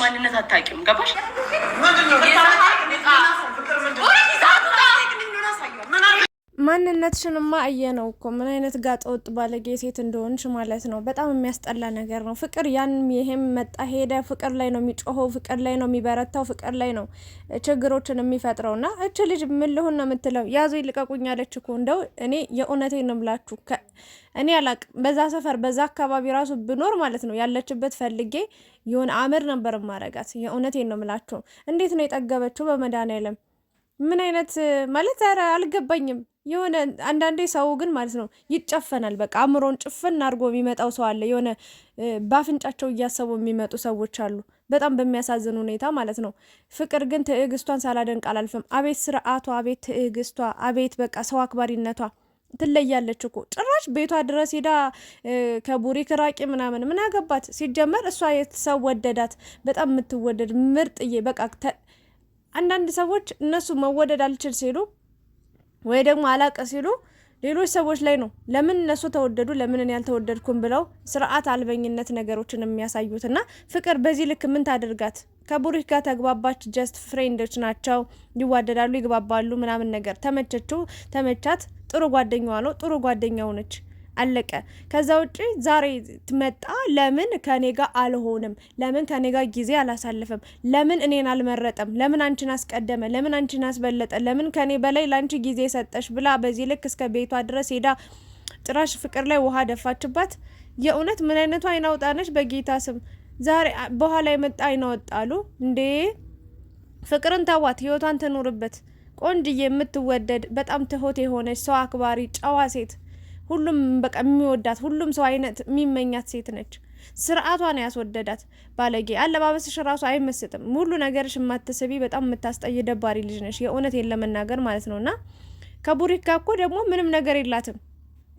ማንነት አታውቂም። ገባሽ? ማንነትሽንማ ነው እኮ ምን አይነት ጋጠወጥ ባለጌ ሴት እንደሆንሽ ማለት ነው። በጣም የሚያስጠላ ነገር ነው። ፍቅር ያንም ይሄም መጣ ሄደ፣ ፍቅር ላይ ነው የሚጮኸው፣ ፍቅር ላይ ነው የሚበረታው፣ ፍቅር ላይ ነው ችግሮችን የሚፈጥረው። ና እች ልጅ ምን ልሁን ነው የምትለው? ያዙ ይልቀቁኝ አለች እኮ እንደው እኔ የእውነቴ ነው የምላችሁ። እኔ አላቅም በዛ ሰፈር በዛ አካባቢ ራሱ ብኖር ማለት ነው ያለችበት ፈልጌ የሆነ አምር ነበር ማረጋት። የእውነቴ ነው ምላችሁ። እንዴት ነው የጠገበችው? በመድኃኒዓለም ምን አይነት ማለት ኧረ አልገባኝም። የሆነ አንዳንዴ ሰው ግን ማለት ነው ይጨፈናል። በቃ አእምሮን ጭፍን አድርጎ የሚመጣው ሰው አለ። የሆነ በአፍንጫቸው እያሰቡ የሚመጡ ሰዎች አሉ፣ በጣም በሚያሳዝን ሁኔታ ማለት ነው። ፍቅር ግን ትዕግስቷን ሳላደንቅ አላልፍም። አቤት ስርዓቷ፣ አቤት ትዕግስቷ፣ አቤት በቃ ሰው አክባሪነቷ። ትለያለች እኮ ጭራሽ ቤቷ ድረስ ሄዳ ከቡሪ ክራቂ ምናምን ምን ያገባት? ሲጀመር እሷ ሰው ወደዳት። በጣም የምትወደድ ምርጥዬ። በቃ አንዳንድ ሰዎች እነሱ መወደድ አልችል ሲሉ ወይ ደግሞ አላቀ ሲሉ ሌሎች ሰዎች ላይ ነው። ለምን እነሱ ተወደዱ፣ ለምን እኔ ያልተወደድኩም ብለው ስርዓት አልበኝነት ነገሮችን የሚያሳዩት እና ፍቅር በዚህ ልክ ምን ታደርጋት? ከቡሪክ ጋር ተግባባች። ጀስት ፍሬንዶች ናቸው፣ ይዋደዳሉ፣ ይግባባሉ፣ ምናምን ነገር ተመቸችው፣ ተመቻት። ጥሩ ጓደኛዋ ነው፣ ጥሩ ጓደኛው ነች። አለቀ። ከዛ ውጭ ዛሬ ትመጣ ለምን ከኔ ጋር አልሆንም? ለምን ከኔ ጋር ጊዜ አላሳልፍም? ለምን እኔን አልመረጠም? ለምን አንቺን አስቀደመ? ለምን አንቺን አስበለጠ? ለምን ከኔ በላይ ለአንቺ ጊዜ ሰጠሽ? ብላ በዚህ ልክ እስከ ቤቷ ድረስ ሄዳ ጭራሽ ፍቅር ላይ ውሃ ደፋችባት። የእውነት ምን አይነቱ አይናውጣነች! በጌታ ስም ዛሬ በኋላ የመጣ አይናወጣሉ እንዴ! ፍቅርን ተዋት፣ ህይወቷን ትኑርበት። ቆንጅዬ የምትወደድ በጣም ትሁት የሆነች ሰው አክባሪ ጨዋ ሴት ሁሉም በቃ የሚወዳት ሁሉም ሰው አይነት የሚመኛት ሴት ነች። ስርዓቷ ነው ያስወደዳት። ባለጌ አለባበስሽ ራሱ አይመስጥም። ሁሉ ነገርሽ የማትስቢ በጣም የምታስጠይ ደባሪ ልጅ ነሽ። የእውነት ለመናገር ማለት ነው። እና ከቡሪካ እኮ ደግሞ ምንም ነገር የላትም።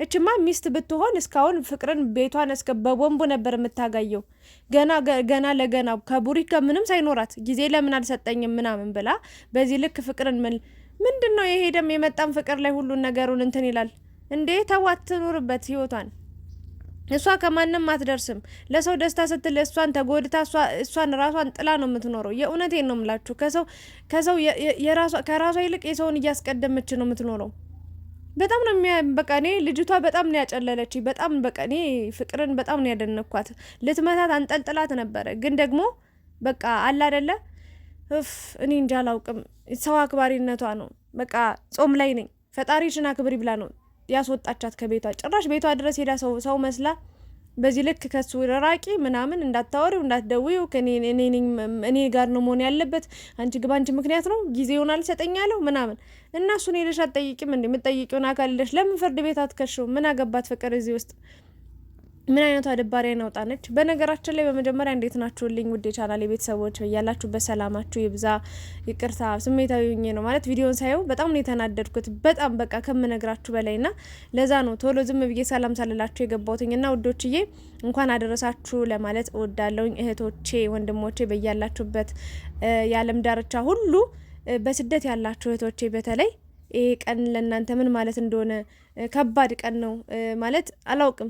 እችማ ሚስት ብትሆን እስካሁን ፍቅርን ቤቷን እስከ በቦንቡ ነበር የምታጋየው። ገና ገና ለገና ከቡሪካ ምንም ሳይኖራት ጊዜ ለምን አልሰጠኝም ምናምን ብላ በዚህ ልክ ፍቅርን ምን ምንድን ነው የሄደም የመጣም ፍቅር ላይ ሁሉን ነገሩን እንትን ይላል። እንዴ ተዋት፣ ትኑርበት ህይወቷን። እሷ ከማንም አትደርስም። ለሰው ደስታ ስትል እሷን ተጎድታ እሷን ራሷን ጥላ ነው የምትኖረው። የእውነቴ ነው ምላችሁ። ከሰው ከሰው ከራሷ ይልቅ የሰውን እያስቀደመች ነው የምትኖረው። በጣም ነው የሚያ በቃ እኔ ልጅቷ በጣም ነው ያጨለለች። በጣም በቃ እኔ ፍቅርን በጣም ነው ያደነኳት። ልትመታት አንጠልጥላት ነበረ፣ ግን ደግሞ በቃ አለ አይደለ እፍ እኔ እንጃ አላውቅም። ሰው አክባሪነቷ ነው በቃ ጾም ላይ ነኝ ፈጣሪሽን አክብሪ ብላ ነው ያስወጣቻት ከቤቷ። ጭራሽ ቤቷ ድረስ ሄዳ ሰው ሰው መስላ በዚህ ልክ ከሱ ራቂ ምናምን እንዳታወሪው እንዳትደውዩ እኔ ጋር ነው መሆን ያለበት። አንቺ ግባ፣ አንቺ ምክንያት ነው ጊዜ ጊዜውን አልሰጠኛለሁ ምናምን እና እሱን ሄደሽ አትጠይቂም እንዴ? የምትጠይቂውን አካል ሄደሽ ለምን ፍርድ ቤት አትከሽው? ምን አገባት ፍቅር እዚህ ውስጥ? ምን አይነቷ ደባሪ ነውጣነች። በነገራችን ላይ በመጀመሪያ እንዴት ናችሁልኝ ውድ የቻናል የቤተሰቦች ያላችሁበት በሰላማችሁ ይብዛ። ይቅርታ ስሜታዊ ሆኜ ነው ማለት ቪዲዮን ሳየው በጣም ነው የተናደድኩት። በጣም በቃ ከምነግራችሁ በላይ ና ለዛ ነው ቶሎ ዝም ብዬ ሰላም ሳልላችሁ የገባሁትኝ ና ውዶችዬ እንኳን አደረሳችሁ ለማለት እወዳለሁኝ። እህቶቼ ወንድሞቼ በያላችሁበት የዓለም ዳርቻ ሁሉ በስደት ያላችሁ እህቶቼ በተለይ ይሄ ቀን ለእናንተ ምን ማለት እንደሆነ ከባድ ቀን ነው ማለት አላውቅም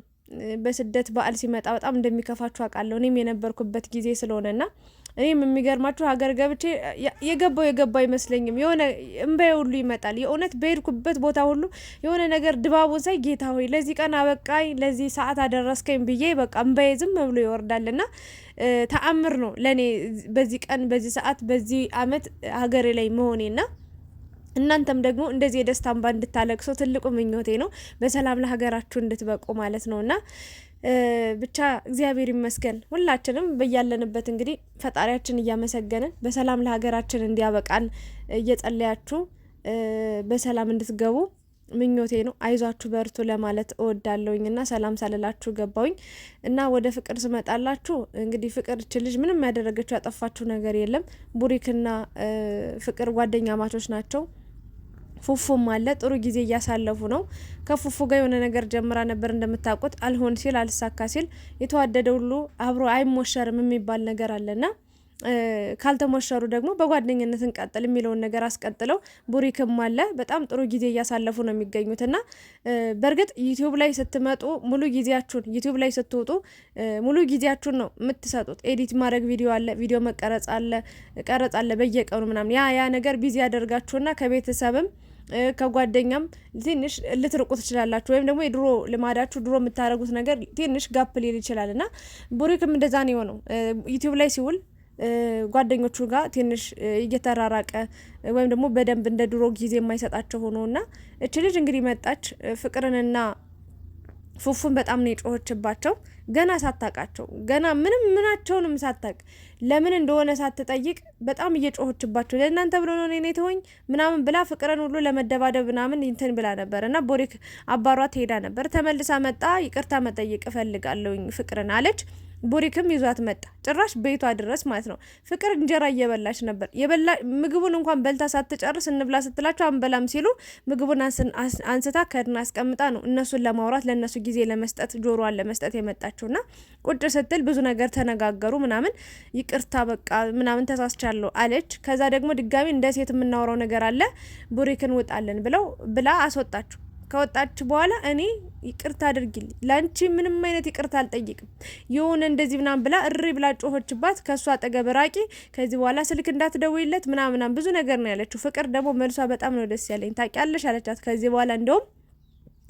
በስደት በዓል ሲመጣ በጣም እንደሚከፋችሁ አውቃለሁ። እኔም የነበርኩበት ጊዜ ስለሆነና እኔም የሚገርማችሁ ሀገር ገብቼ የገባው የገባው አይመስለኝም። የሆነ እምባዬ ሁሉ ይመጣል። የእውነት በሄድኩበት ቦታ ሁሉ የሆነ ነገር ድባቡን ሳይ ጌታ ሆይ ለዚህ ቀን አበቃኝ፣ ለዚህ ሰዓት አደረስከኝ ብዬ በቃ እምባዬ ዝም ብሎ ይወርዳልና ተአምር ነው ለእኔ በዚህ ቀን በዚህ ሰዓት በዚህ አመት ሀገሬ ላይ መሆኔና እናንተም ደግሞ እንደዚህ የደስታ እንባ እንድታለቅሶ ትልቁ ምኞቴ ነው። በሰላም ለሀገራችሁ እንድትበቁ ማለት ነው እና ብቻ እግዚአብሔር ይመስገን። ሁላችንም በያለንበት እንግዲህ ፈጣሪያችን እያመሰገንን በሰላም ለሀገራችን እንዲያበቃን እየጸለያችሁ በሰላም እንድትገቡ ምኞቴ ነው። አይዟችሁ በርቱ ለማለት እወዳለሁኝ እና ሰላም ሳልላችሁ ገባውኝ እና ወደ ፍቅር ስመጣላችሁ እንግዲህ ፍቅር እች ልጅ ምንም ያደረገችው ያጠፋችው ነገር የለም። ቡሪክና ፍቅር ጓደኛ ማቾች ናቸው። ፉፉም አለ ጥሩ ጊዜ እያሳለፉ ነው። ከፉፉ ጋር የሆነ ነገር ጀምራ ነበር እንደምታውቁት፣ አልሆን ሲል አልሳካ ሲል የተዋደደ ሁሉ አብሮ አይሞሸርም የሚባል ነገር አለና ካልተሞሸሩ ደግሞ በጓደኝነት እንቀጥል የሚለውን ነገር አስቀጥለው ቡሪክም አለ በጣም ጥሩ ጊዜ እያሳለፉ ነው የሚገኙት እና በእርግጥ ዩቲዩብ ላይ ስትመጡ ሙሉ ጊዜያችሁን ዩቲዩብ ላይ ስትወጡ ሙሉ ጊዜያችሁን ነው የምትሰጡት። ኤዲት ማድረግ ቪዲዮ አለ፣ ቪዲዮ መቀረጽ አለ፣ ቀረጽ አለ በየቀኑ ምናምን ያ ያ ነገር ቢዚ ያደርጋችሁና ከቤተሰብም ከጓደኛም ትንሽ ልትርቁ ትችላላችሁ። ወይም ደግሞ የድሮ ልማዳችሁ ድሮ የምታደርጉት ነገር ትንሽ ጋፕ ሊል ይችላል እና ቡሪክም እንደዛ ነው የሆነው ዩቲዩብ ላይ ሲውል ጓደኞቹ ጋር ትንሽ እየተራራቀ ወይም ደግሞ በደንብ እንደ ድሮ ጊዜ የማይሰጣቸው ሆኖ እና እች ልጅ እንግዲህ መጣች ፍቅርንና ፉፉን በጣም ነው የጮኸችባቸው። ገና ሳታቃቸው ገና ምንም ምናቸውንም ሳታቅ ለምን እንደሆነ ሳትጠይቅ በጣም እየጮኸችባቸው ለእናንተ ብሎ ነው እኔ ተወኝ ምናምን ብላ ፍቅርን ሁሉ ለመደባደብ ምናምን እንትን ብላ ነበር እና ቦሪክ አባሯ ትሄዳ ነበር። ተመልሳ መጣ። ይቅርታ መጠየቅ እፈልጋለሁኝ ፍቅርን አለች። ቡሪክም ይዟት መጣ። ጭራሽ ቤቷ ድረስ ማለት ነው። ፍቅር እንጀራ እየበላች ነበር። ምግቡን እንኳን በልታ ሳትጨርስ እንብላ ስትላቸው አንበላም ሲሉ ምግቡን አንስታ ከድና አስቀምጣ ነው እነሱን ለማውራት ለእነሱ ጊዜ ለመስጠት ጆሮዋን ለመስጠት የመጣችው ና ቁጭ ስትል ብዙ ነገር ተነጋገሩ ምናምን። ይቅርታ በቃ ምናምን ተሳስቻለሁ አለች። ከዛ ደግሞ ድጋሚ እንደ ሴት የምናወራው ነገር አለ ቡሪክን ውጣለን ብለው ብላ አስወጣችሁ። ከወጣች በኋላ እኔ ይቅርታ አድርጊልኝ፣ ለአንቺ ምንም አይነት ይቅርታ አልጠይቅም፣ የሆነ እንደዚህ ምናምን ብላ እሪ ብላ ጮኸችባት። ከእሷ አጠገብ ራቂ፣ ከዚህ በኋላ ስልክ እንዳትደውይለት ምናምናም ብዙ ነገር ነው ያለችው። ፍቅር ደግሞ መልሷ በጣም ነው ደስ ያለኝ ታውቂያለሽ አለቻት። ከዚህ በኋላ እንደውም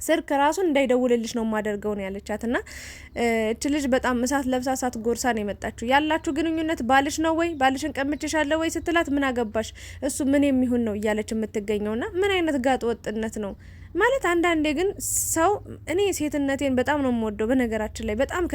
ስልክ ራሱን እንዳይደውልልሽ ነው የማደርገው ነው ያለቻት። እና እች ልጅ በጣም እሳት ለብሳ እሳት ጎርሳ ነው የመጣችሁ። ያላችሁ ግንኙነት ባልሽ ነው ወይ ባልሽን ቀምቼሻለሁ ወይ ስትላት ምን አገባሽ እሱ ምን የሚሆን ነው እያለች የምትገኘው ና ምን አይነት ጋጥ ወጥነት ነው? ማለት አንዳንዴ ግን ሰው እኔ ሴትነቴን በጣም ነው የምወደው። በነገራችን ላይ በጣም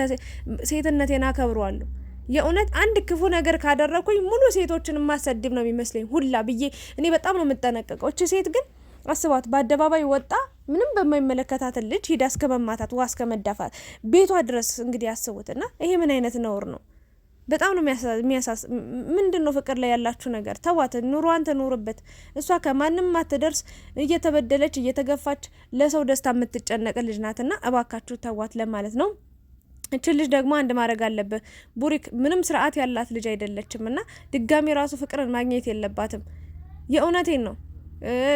ሴትነቴን አከብረዋለሁ። የእውነት አንድ ክፉ ነገር ካደረኩኝ ሙሉ ሴቶችን የማሰድብ ነው የሚመስለኝ ሁላ ብዬ እኔ በጣም ነው የምጠነቀቀው። እች ሴት ግን አስባት፣ በአደባባይ ወጣ ምንም በማይመለከታት ልጅ ሂዳ እስከ መማታት፣ ውሃ እስከ መዳፋት ቤቷ ድረስ እንግዲህ ያስቡትና ይሄ ምን አይነት ነውር ነው? በጣም ነው የሚያሳስ ምንድን ነው ፍቅር ላይ ያላችሁ ነገር ተዋት፣ ኑሯን ተኖርበት። እሷ ከማንም አትደርስ፣ እየተበደለች እየተገፋች ለሰው ደስታ የምትጨነቅ ልጅ ናትና እባካችሁ ተዋት ለማለት ነው። እችን ልጅ ደግሞ አንድ ማድረግ አለብህ ቡሪክ፣ ምንም ስርዓት ያላት ልጅ አይደለችም እና ድጋሚ ራሱ ፍቅርን ማግኘት የለባትም። የእውነቴን ነው።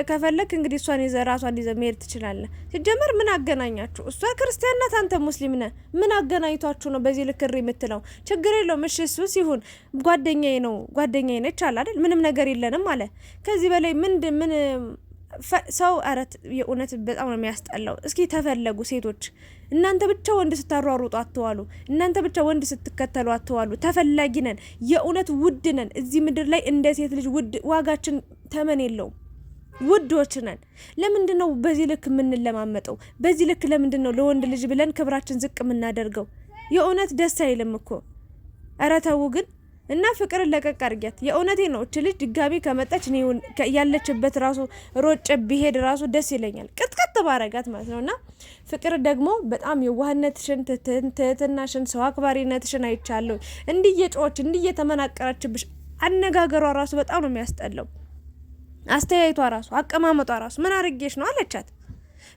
ከፈለክ እንግዲህ እሷን ይዘ ራሷን ይዘ መሄድ ትችላለ። ሲጀመር ምን አገናኛችሁ? እሷ ክርስቲያን ናት፣ አንተ ሙስሊም ነ። ምን አገናኝቷችሁ ነው በዚህ ልክር የምትለው? ችግር የለው ምሽ እሱስ ሲሆን ጓደኛዬ ነው ጓደኛዬ ነች አለ አይደል? ምንም ነገር የለንም አለ። ከዚህ በላይ ምንድን ምን ሰው አረት የእውነት በጣም ነው የሚያስጠላው። እስኪ ተፈለጉ ሴቶች፣ እናንተ ብቻ ወንድ ስታሯሩጡ አትዋሉ። እናንተ ብቻ ወንድ ስትከተሉ አትዋሉ። ተፈላጊ ነን፣ የእውነት ውድ ነን። እዚህ ምድር ላይ እንደ ሴት ልጅ ውድ ዋጋችን ተመን የለውም። ውዶች ነን። ለምንድን ነው በዚህ ልክ የምንለማመጠው? በዚህ ልክ ለምንድን ነው ለወንድ ልጅ ብለን ክብራችን ዝቅ የምናደርገው? የእውነት ደስ አይልም እኮ ኧረ ተው ግን እና ፍቅርን ለቀቅ አድርጊያት። የእውነቴ ነው። እች ልጅ ድጋሚ ከመጣች ያለችበት ራሱ ሮጭ ቢሄድ ራሱ ደስ ይለኛል፣ ቅጥቅጥ ባረጋት ማለት ነው። እና ፍቅር ደግሞ በጣም የዋህነትሽን፣ ትህትናሽን፣ ሰው አክባሪነትሽን አይቻለሁ። እንዲህ እየጮኸች እንዲህ እየተመናቀረችብሽ አነጋገሯ ራሱ በጣም ነው የሚያስጠላው። አስተያየቷ ራሱ አቀማመጧ ራሱ ምን አርጌሽ ነው አለቻት።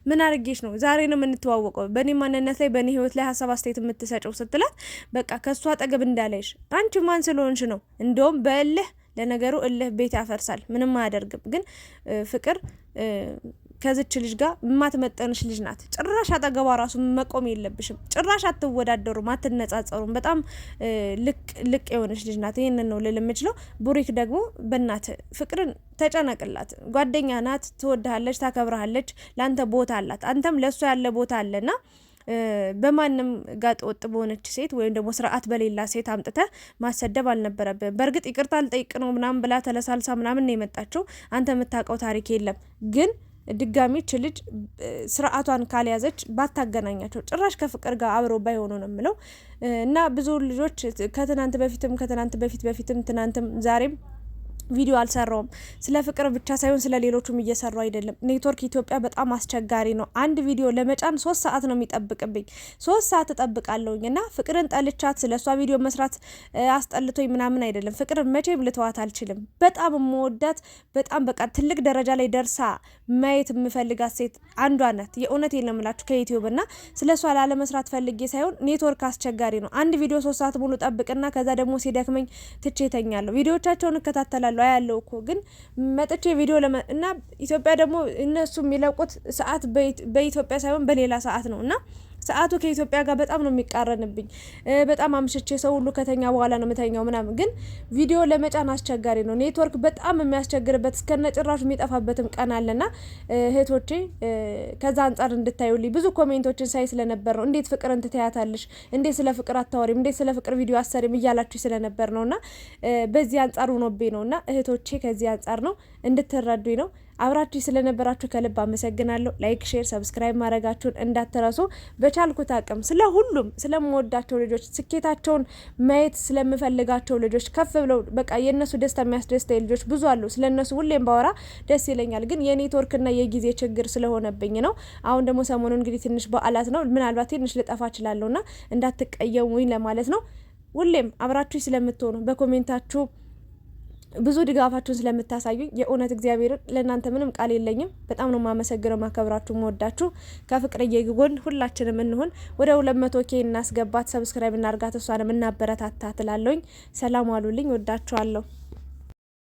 ምን አርጌሽ ነው ዛሬ ነው የምንተዋወቀው፣ በእኔ ማንነት ላይ በእኔ ህይወት ላይ ሀሳብ አስተያየት የምትሰጨው ስትላት፣ በቃ ከእሱ አጠገብ እንዳለሽ አንቺ ማን ስለሆንሽ ነው። እንደውም በእልህ ለነገሩ እልህ ቤት ያፈርሳል፣ ምንም አያደርግም። ግን ፍቅር ከዚች ልጅ ጋር የማትመጠንሽ ልጅ ናት። ጭራሽ አጠገቧ ራሱ መቆም የለብሽም። ጭራሽ አትወዳደሩም፣ አትነጻጸሩም። በጣም ልቅ ልቅ የሆነች ልጅ ናት። ይህንን ነው ልል የምችለው። ቡሪክ ደግሞ በእናት ፍቅርን ተጨነቅላት። ጓደኛ ናት፣ ትወድሃለች፣ ታከብረሃለች፣ ለአንተ ቦታ አላት፣ አንተም ለእሷ ያለ ቦታ አለና በማንም ጋጥ ወጥ በሆነች ሴት ወይም ደግሞ ስርዓት በሌላ ሴት አምጥተ ማሰደብ አልነበረብም። በእርግጥ ይቅርታ ልጠይቅ ነው ምናምን ብላ ተለሳልሳ ምናምን ነው የመጣችው። አንተ የምታውቀው ታሪክ የለም ግን ድጋሚች ልጅ ስርዓቷን ካልያዘች ባታገናኛቸው ጭራሽ ከፍቅር ጋር አብሮ ባይሆኑ ነው የምለው እና ብዙ ልጆች ከትናንት በፊትም ከትናንት በፊት በፊትም ትናንትም ዛሬም ቪዲዮ አልሰራውም። ስለ ፍቅር ብቻ ሳይሆን ስለ ሌሎቹም እየሰሩ አይደለም። ኔትወርክ ኢትዮጵያ በጣም አስቸጋሪ ነው። አንድ ቪዲዮ ለመጫን ሶስት ሰዓት ነው የሚጠብቅብኝ። ሶስት ሰዓት እጠብቃለሁኝ እና ፍቅርን ጠልቻት ስለ እሷ ቪዲዮ መስራት አስጠልቶኝ ምናምን አይደለም። ፍቅር መቼም ልተዋት አልችልም። በጣም የምወዳት በጣም በቃ ትልቅ ደረጃ ላይ ደርሳ ማየት የምፈልጋት ሴት አንዷ ናት። የእውነት የለምላችሁ ከዩትዩብ ከዩቲዩብ እና ስለ እሷ ላለመስራት ፈልጌ ሳይሆን ኔትወርክ አስቸጋሪ ነው። አንድ ቪዲዮ ሶስት ሰዓት ሙሉ ጠብቅና ከዛ ደግሞ ሲደክመኝ ትቼ ተኛለሁ። ቪዲዮቻቸውን እከታተላለሁ ያለው አያለው እኮ ግን መጥቼ ቪዲዮ ለመ እና ኢትዮጵያ ደግሞ እነሱ የሚለቁት ሰዓት በኢትዮጵያ ሳይሆን በሌላ ሰዓት ነው እና ሰዓቱ ከኢትዮጵያ ጋር በጣም ነው የሚቃረንብኝ። በጣም አምሽቼ ሰው ሁሉ ከተኛ በኋላ ነው የምተኛው ምናምን፣ ግን ቪዲዮ ለመጫን አስቸጋሪ ነው። ኔትወርክ በጣም የሚያስቸግርበት እስከነ ጭራሹ የሚጠፋበትም ቀን አለና እህቶቼ ከዛ አንጻር እንድታዩልኝ ብዙ ኮሜንቶችን ሳይ ስለነበር ነው እንዴት ፍቅር እንትተያታለሽ፣ እንዴት ስለ ፍቅር አታወሪም፣ እንዴት ስለ ፍቅር ቪዲዮ አሰሪም እያላችሁ ስለነበር ነው እና በዚህ አንጻር ሆኖብኝ ነው እና እህቶቼ ከዚህ አንጻር ነው እንድትረዱኝ ነው። አብራችሁ ስለነበራችሁ ከልብ አመሰግናለሁ። ላይክ፣ ሼር፣ ሰብስክራይብ ማድረጋችሁን እንዳትረሱ። በቻልኩት አቅም ስለ ሁሉም ስለምወዳቸው ልጆች ስኬታቸውን ማየት ስለምፈልጋቸው ልጆች ከፍ ብለው በቃ የእነሱ ደስታ የሚያስደስታ ልጆች ብዙ አሉ። ስለ እነሱ ሁሌም ባወራ ደስ ይለኛል፣ ግን የኔትወርክና የጊዜ ችግር ስለሆነብኝ ነው። አሁን ደግሞ ሰሞኑ እንግዲህ ትንሽ በዓላት ነው። ምናልባት ትንሽ ልጠፋ እችላለሁና እንዳትቀየሙኝ ለማለት ነው። ሁሌም አብራችሁ ስለምትሆኑ በኮሜንታችሁ ብዙ ድጋፋችሁን ስለምታሳዩኝ የእውነት እግዚአብሔርን ለእናንተ ምንም ቃል የለኝም። በጣም ነው ማመሰግነው፣ ማከብራችሁ፣ መወዳችሁ። ከፍቅርዬ ጎን ሁላችንም እንሆን። ወደ ሁለት መቶ ኬ እናስገባት፣ ሰብስክራይብ እናርጋት፣ እሷንም እናበረታታ ትላለውኝ። ሰላም አሉልኝ፣ ወዳችኋለሁ።